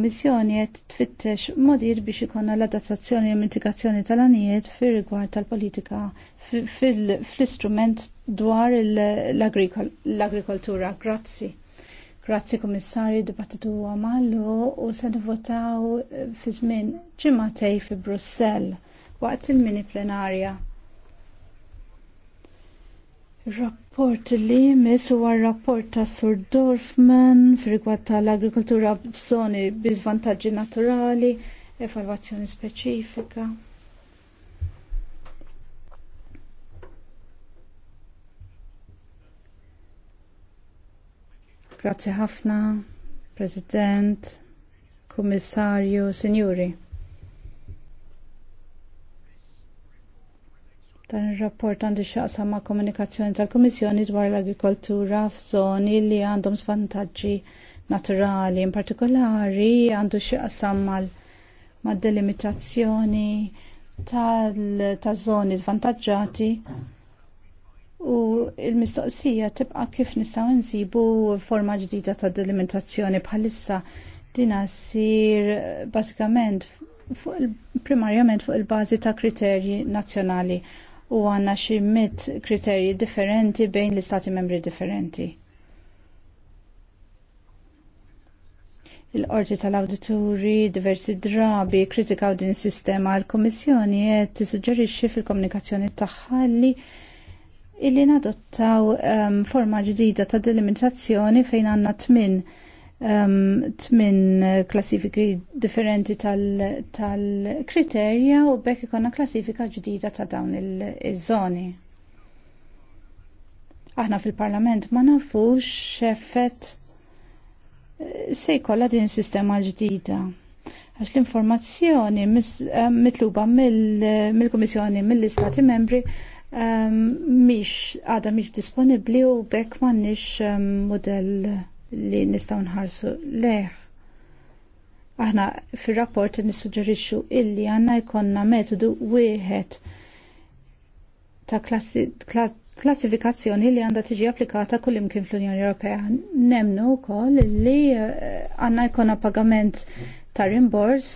Missjoni qed tfittex modir biex ikonna l-adattazzjoni u mitigazzjoni tal-anijiet fir rigward tal-politika fl-istrument dwar l-agrikoltura. Grazzi. Grazzi kummissari dibattitu huwa u se nivvotaw fi żmien ġimatej fi Brussell waqt il-mini plenarja rapport li mis huwa rapport ta' Sur Dorfman f'rigward tal-agrikoltura b'żoni bi svantaġġi naturali, evalwazzjoni speċifika. Grazie ħafna, President, Kummissarju, Sinjuri. Dan ir-rapport għandu x'aqsam ma' komunikazzjoni tal-Kummissjoni dwar l-agrikoltura f'żoni li għandhom svantaġġi naturali, in partikolari għandu xaqsa ma' delimitazzjoni tal żoni svantaġġati u il-mistoqsija tibqa' kif nistgħu nsibu forma ġdida ta' delimitazzjoni bħalissa dina ssir bażikament primarjament fuq il-bażi ta' kriterji nazzjonali u għanna xi mit kriterji differenti bejn l-istati membri differenti. Il-qorti tal-awdituri diversi drabi kritikaw din sistema għal-Komissjoni qed tissuġġerixxi fil-komunikazzjoni tagħha li illi nadottaw um, forma ġdida ta' delimitazzjoni fejn għandna tmin tmin klassifiki differenti tal-kriterja u bekk ikonna klassifika ġdida ta' dawn il-żoni. Aħna fil-parlament ma nafux xeffet eh, se jkollha din sistema ġdida. Għax l-informazzjoni eh, mitluba mill-Komissjoni mill-Istati membri miex għada miex disponibli u bekk ma nix model li nistaw nħarsu leħ. Aħna fil-rapport nissuġġerixxu illi għanna jkonna metodu wieħed ta' klassi, kla, klassifikazzjoni li għandha tiġi applikata kull imkien fl-Unjoni Ewropea. Nemnu wkoll li eh, għandna jkollna pagament ta' rimbors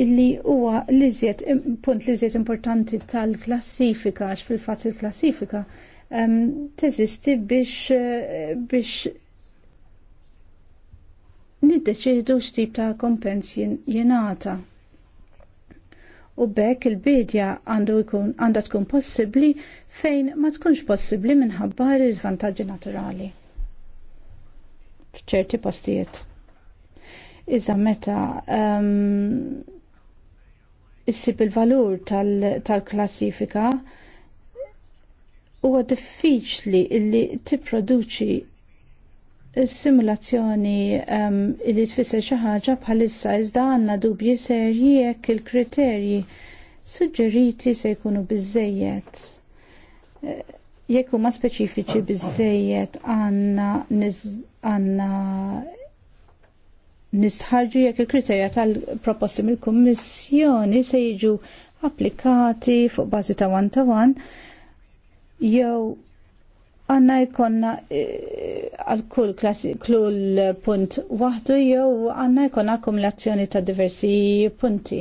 illi huwa liżiet punt liżiet importanti tal-klassifika għax fil-fatt il-klassifika um, teżisti biex eh, biex niddeċidu x'tip ta' kompens jingħata. U bekk il-bidja għandu jkun għandha tkun possibbli fejn ma tkunx possibbli minħabba l-iżvantaġġi naturali. F'ċerti postijiet. Iżda meta um, issib il-valur tal-klassifika tal huwa diffiċli illi tipproduċi simulazzjoni um, ehm, li tfisser xi ħaġa bħalissa iżda għandna dubji serji jekk il-kriterji suġġeriti se jkunu biżejjed. Eh, jekk huma speċifiċi biżejjed għandna għandna nistħarġu jekk il-kriterja tal-proposti mill-Kummissjoni se jiġu applikati fuq bażi ta' one-to-one jew għanna jkonna e, għal kull kull punt waħdu jew għanna jkonna akkumulazzjoni ta' diversi punti.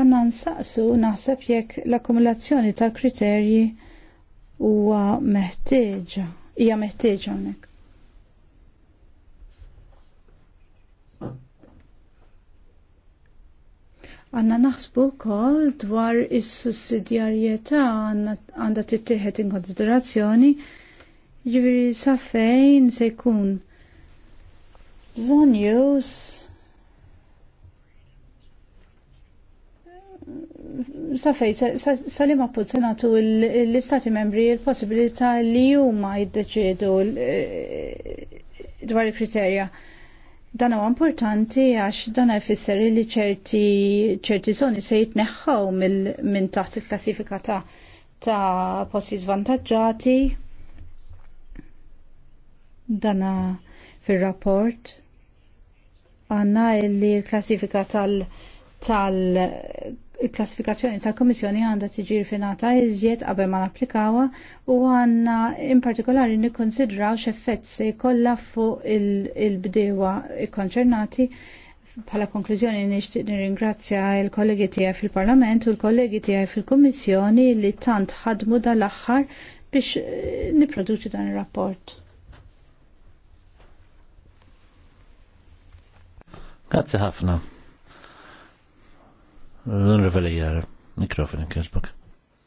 Għanna nsaqsu naħseb jekk l-akkumulazzjoni ta' kriterji huwa meħtieġa, hija meħtieġa hawnhekk. Għanna naħsbu kol dwar is-sussidjarjetà għandha tittieħed in konsiderazzjoni ġifieri safejn se jkun bżonn jus sa fej, sa li l-istati membri il-possibilità li huma jiddeċiedu dwar il-kriterja. il kriterja Dan huwa importanti għax dan jfisser li ċerti ċerti zoni se jitneħħaw minn taħt il-klassifika ta' ta' posti zvantaġġati. Dana fil-rapport għanna li l-klassifika tal- tal il-klassifikazzjoni tal-Komissjoni għandha tiġi rifinata iżjed qabel ma napplikawha u għandna in partikolari nikkonsidraw x'effett se jkollha fuq il-bdewa il konċernati bħala konklużjoni nixtieq nirringrazzja l-kollegi tiegħi fil-Parlament u l-kollegi tiegħi fil-Kummissjoni li tant ħadmu dal-aħħar biex eh, nipproduċi dan ir-rapport. Grazzi ħafna. Rivelier, Mikrofon, Kirchbock.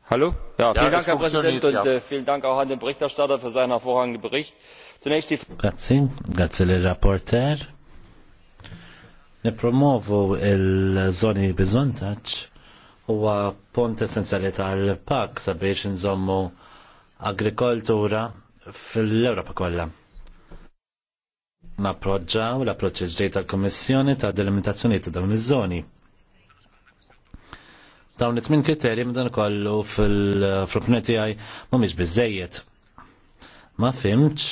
Hallo? Ja, vielen ja, Dank, Herr Präsident, ja. und äh, vielen Dank auch an den Berichterstatter für seinen hervorragenden Bericht. Zunächst die Grazie, grazie le rapporteur. Ne Nipromovu il zoni biżontaċ huwa pont essenzjali tal-pak sabiex nżommu agrikoltura fil-Ewropa kollha. Napproġġaw l-approċċ ġdejt tal-Kommissjoni ta' delimitazzjoni ta' dawn iż-żoni. Dawn it tmien kriterji minn dan kollu fil-propni tiegħi mhumiex bizzejiet. Ma fimx.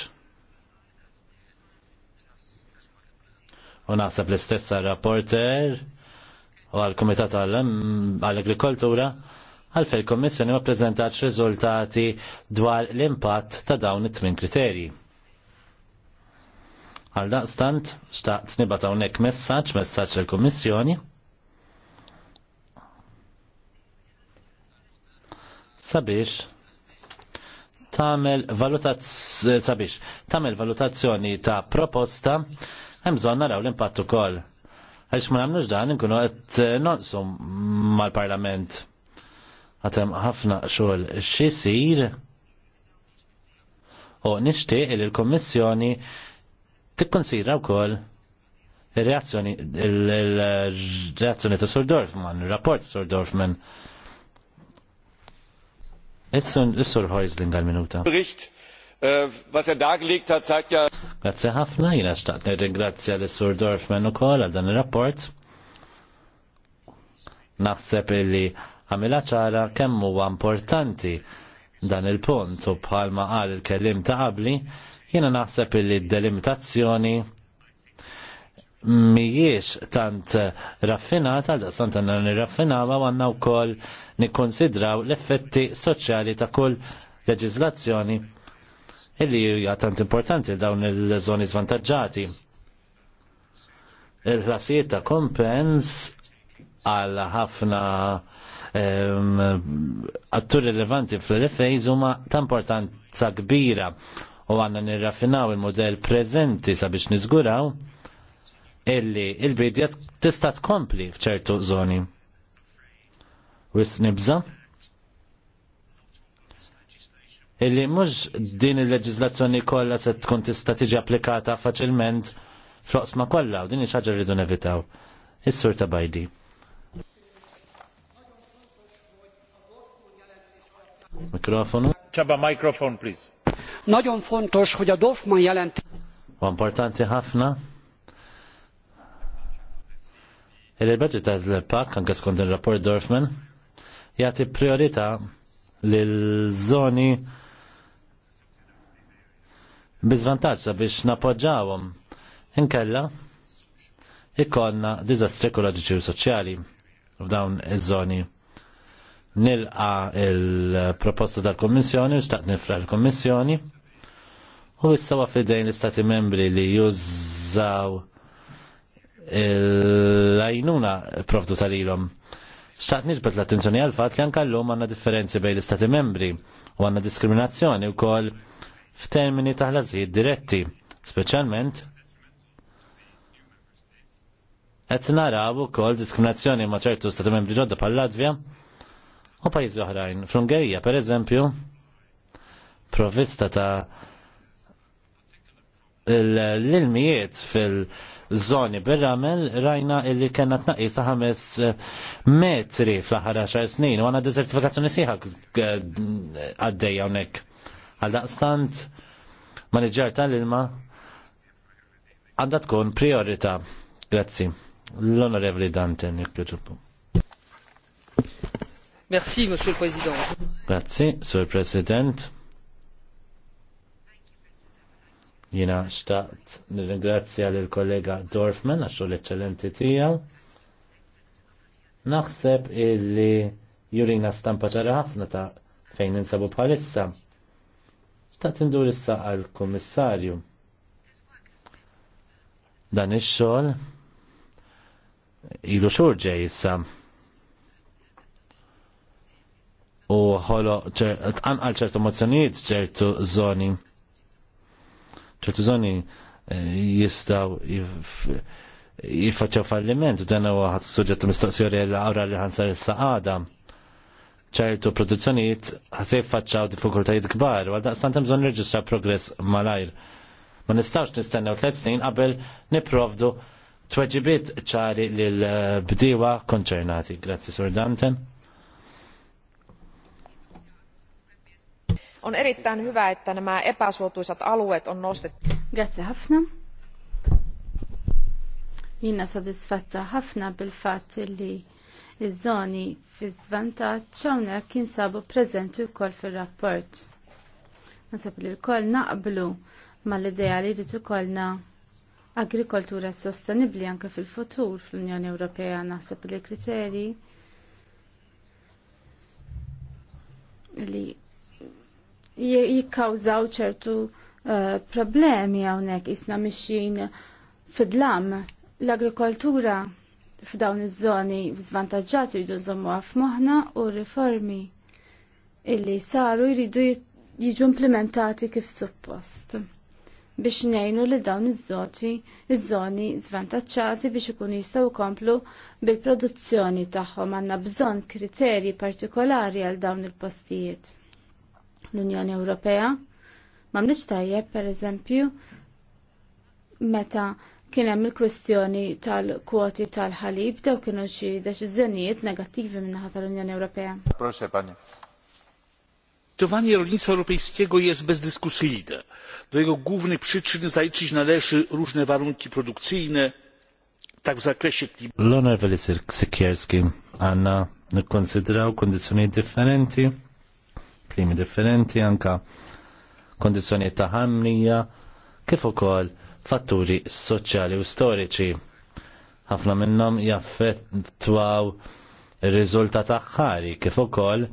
U naħseb l-istessa rapporter u għal-Komitat għall-Agrikoltura għal il-Kommissjoni ma prezentax riżultati dwar l-impatt ta' dawn it tmien kriterji. Għal daqstant, xtaqt nibata unnek messaċ, messaċ l-komissjoni, sabiex tamel valutazz eh, sabiex tamel valutazzjoni ta' proposta hemm bżonn naraw l-impatt ukoll. Għax ma nagħmlux dan inkunu qed eh, nonsum mal-Parlament. Għatem ħafna xogħol x'isir u nixtieq li l kummissjoni tikkunsidra wkoll ir-reazzjoni il-reazzjoni ta' Sur Dorfman, ir-rapport Sur Dorfman Is-sur Heusling għal-minuta. Bericht, äh, was er dargelegt hat, zeigt ja. Grazie ħafna, jina xtaqt nirringrazzja l-sur Dorfman u kol għal dan il-rapport. Naħseb illi għamila ċara kemm huwa importanti dan il-punt u bħalma qal il-kellim ta' qabli, jiena naħseb illi d-delimitazzjoni mijiex tant raffinata, da tant għanna nirraffinawa għanna u kol nikonsidraw l-effetti soċjali ta' kull leġizlazzjoni illi hija tant importanti dawn il-żoni zvantagġati. Il-ħlasijiet ta' kompens għal ħafna ehm, attur rilevanti fl-refejz huma ta' importanza kbira u għanna nirraffinaw il-modell preżenti sabiex nizguraw illi il-bidja tista' tkompli f'ċertu żoni. Wis nibza? Illi mhux din il leġizlazzjoni kollha se tkun tista' tiġi applikata faċilment fl kollha u din ħaġa rridu nevitaw. Is-sur ta' bajdi. Mikrofonu. Ċaba mikrofon, please. Nagyon fontos, hogy a DOFMAN jelent. Importanti ħafna Il-budget l pak anke skont il-rapport Dorfman, jagħti priorità lil-żoni biżvantaġġ sabiex napoġġawhom. Inkella ikkonna diżastri ekoloġiċi u soċjali f'dawn iż-żoni. Nilqa il-proposta tal-Kommissjoni, xtaqt nifra l-Kommissjoni, u issa fidejn l-Istati membri li jużaw l-għajnuna provdu tal-ilom. Xtaqt nisbet l-attenzjoni għal-fat li għankallum għanna differenzi bej l-istati membri u għanna diskriminazzjoni u kol f'termini taħlażijiet diretti, specialment qed naraw ukoll diskriminazzjoni ma' ċertu stati membri ġodda pal Latvja u pajjiżi oħrajn. Fl-Ungerija, pereżempju, provista ta' l-ilmijiet fil- Zoni bir-ramel rajna illi kena tnaqis ta' ħames eh, metri fl-aħħar 10 snin u għandna desertifikazzjoni siħa għaddeja hawnhekk. Għal daqstant maniġġar tal-ilma għandha tkun priorità. Grazzi. L-Onorevoli Danten, jekk Merci, Monsieur le Président. Grazie, Monsieur le Président. Jina xtaqt nirringrazzja l kollega Dorfman għax xogħol eċċellenti tiegħu. Naħseb illi jurina stampa ċara ħafna ta' fejn ninsabu bħalissa. Xtaqt indur issa għal kummissarju. Dan ix-xogħol ilu xhur ġej issa. U ħolo tqanqal ċertu mozzjonijiet ċertu żoni ċertu zoni eh, jistaw jiffaċċaw falliment u dan huwa ħadd suġġett mistoqsija l għawra li ħansar is-saqada. ċertu produzzjonijiet ħase jiffaċċaw diffikultajiet kbar u għaldaqstant hemm bżonn reġistra progress malajr. Ma nistax nistennew tliet snin qabel niprovdu tweġibiet ċari l eh, bdiewa konċernati. Grazzi Sur On erittäin hyvä, että nämä epäsuotuisat alueet on nostettu. Grazie ħafna. Jina sodisfatta ħafna bil-fat li iż-żoni fi żvantaġġ hawnhekk jinsabu preżenti wkoll fir-rapport. Nasab li l-koll naqblu mal li rrid agrikoltura sostenibbli anke fil-futur fl-Unjoni Ewropea li kriteri li jikkawżaw ċertu eh, problemi hawnhekk isna mixin fidlam l-agrikoltura f'dawn iż-żoni zvantaġġati jridu nżommu f'moħħna u riformi illi saru jridu jiġu implementati kif suppost biex ngħinu li dawn iż-żoti iż-żoni zvantaġġati biex ikunu jistgħu jkomplu bil-produzzjoni tagħhom għandna bżonn kriterji partikolari għal dawn il-postijiet l-Unjoni Ewropea. Mamniċ tajjeb, per eżempju, meta kien hemm il-kwestjoni tal-kwoti tal-ħalib dew kienu xi deċiżjonijiet negattivi minnaħa tal-Unjoni Ewropea. Proszę panie. Finansowanie rolnictwa europejskiego jest bezdyskusyjne. Do jego głównych przyczyn zaliczyć należy różne warunki produkcyjne, tak w zakresie klimatu. L-onorevoli Sikierski għanna nikkonsidraw kondizjoni differenti klimi differenti, anka kondizjoniet ta' ħamnija, kif ukoll fatturi soċjali u storiċi. Ħafna minnhom jaffettwaw ir-riżultat aħħari kif ukoll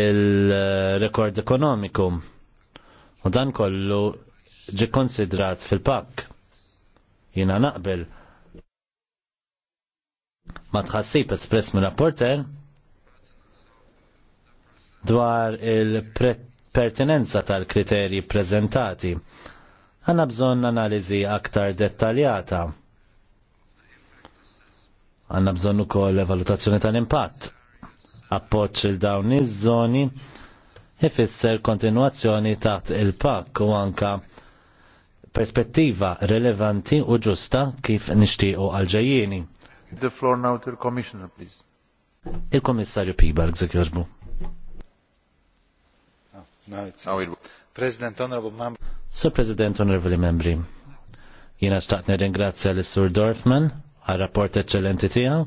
il-rekord ekonomiku. U dan kollu ġi konsidrat fil-pakk. Jina naqbel ma tħassib espress minn rapporter dwar il-pertinenza tal-kriterji prezentati. Għanna bżon analizi aktar dettaljata. Għanna bżon ukoll valutazzjoni tal-impatt. Appoċ il-dawn iż-żoni ifisser kontinuazzjoni taħt il-pakk u anka perspettiva relevanti u ġusta kif nixtiequ għal-ġejjieni. The floor now to the commissioner, please. Il-Komissarju Pibar, għzek joġbu. President, honorable member. Sir President, honorable membri, jina staqt nirringrazzja l sur Dorfman għal rapport eccellenti tiegħu.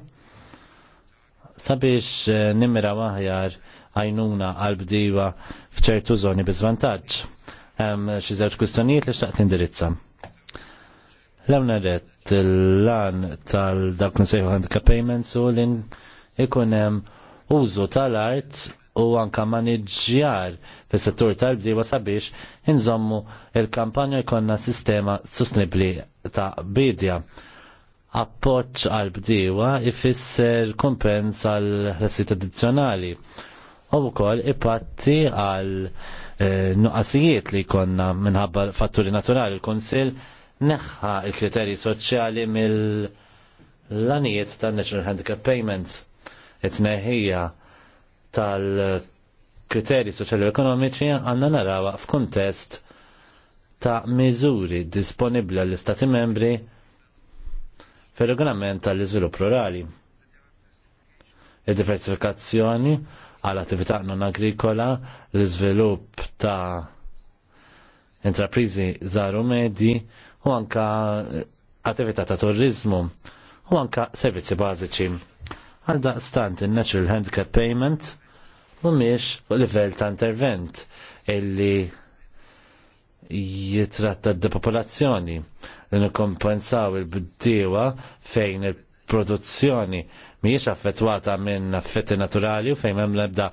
Sabiex eh, nimmira waħjar għajnuna għal bdiwa fċertu zoni bi Hemm eh, xi żewġ kwistjonijiet li xtaqt nindirizza. L-ewna rett l-lan tal-dak nsejħu handicap payments u l-in ikun hemm użu tal-art u anka maniġjar fis settur tal-bdiewa sabiex inżommu il-kampanja jkollna sistema sostenibbli ta' bidja. Appoċ għal-bdiewa ifisser kumpens għal ħassit addizzjonali u wkoll ipatti għal eh, nuqqasijiet li konna minħabba fatturi naturali l-Konsil neħħa il-kriterji soċjali mill-lanijiet tan National Handicap Payments it-neħija tal-kriterji soċjali ekonomiċi għandna naraw f'kuntest ta' miżuri disponibbli għall istati membri fir regolament tal-iżvilupp rurali. Id-diversifikazzjoni għall attività non agrikola, l-iżvilupp ta' intraprizi żaru medji u anka attività ta' turizmu u anka servizzi bażiċi Għal daqstant il-Natural Handicap Payment miex u livell ta' intervent illi jitratta d-depopolazzjoni li nikkompensaw il-bdiewa fejn il-produzzjoni mhijiex affettwata minn affetti naturali u fejn hemm l-ebda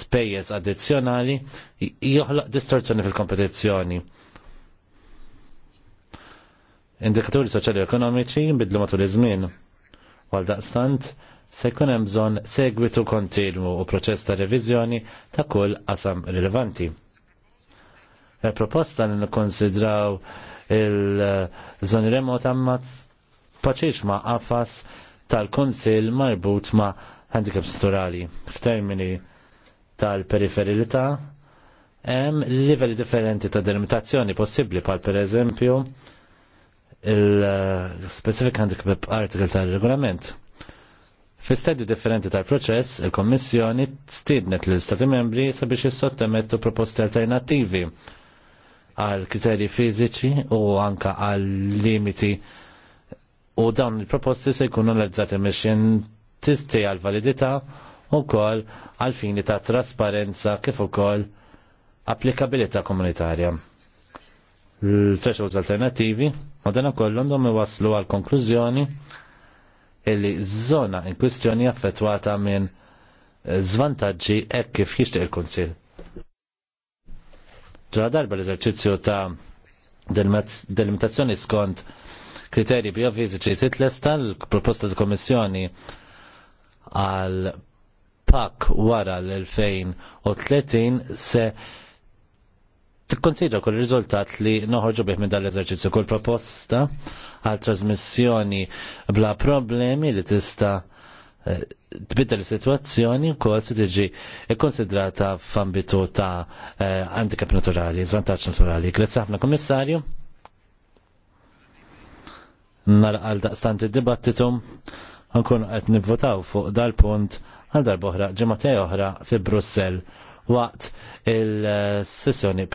spejjeż addizzjonali joħloq distorzjoni fil-kompetizzjoni. Indikaturi soċjali ekonomiċi jinbidlu matul iż-żmien. Għal daqstant, se jkun hemm bżonn segwitu kontinwu u proċess ta' reviżjoni ta' kull qasam rilevanti. Per proposta li nikkonsidraw il-żoni remot għamma paċiċ ma' qafas tal kunsil marbut ma' handicap strutturali. F'termini tal-periferilità, hemm livelli differenti ta' delimitazzjoni possibbli pal per eżempju il-specific handicap article tal-regolament. Fi differenti tal-proċess, il-Kommissjoni stidnet l istati membri sabiex jissottemettu proposti alternativi għal kriterji fiżiċi u anka għal limiti u dawn il-proposti se jkunu l-ezzati meċin tisti għal validità u kol għal fini ta' trasparenza kif ukoll applikabilità komunitarja l-thresholds alternativi, ma dan kollu għandhom iwaslu għal konklużjoni illi żona in kwistjoni affettwata minn zvantaġġi hekk kif jixtieq il-Kunsill. Ġra darba l-eżerċizzju ta' delimitazzjoni skont kriterji biofiziċi titles tal-proposta tal-Komissjoni għal pak wara l-2030 se tikkonsidra kull riżultat li noħorġu bih minn dal-eżerċizzju kull proposta għal trasmissjoni bla problemi li tista' eh, tbiddel situazzjoni kol se tiġi ikkonsidrata f'ambitu ta' eh, handicap naturali, żvantaġġ naturali. Grazie ħafna komissarju. Nalqa għal daqstant id-dibattitu nkunu nivvotaw fuq dal-punt għal darboħra ġematej oħra fi Brussell waqt il-sessjoni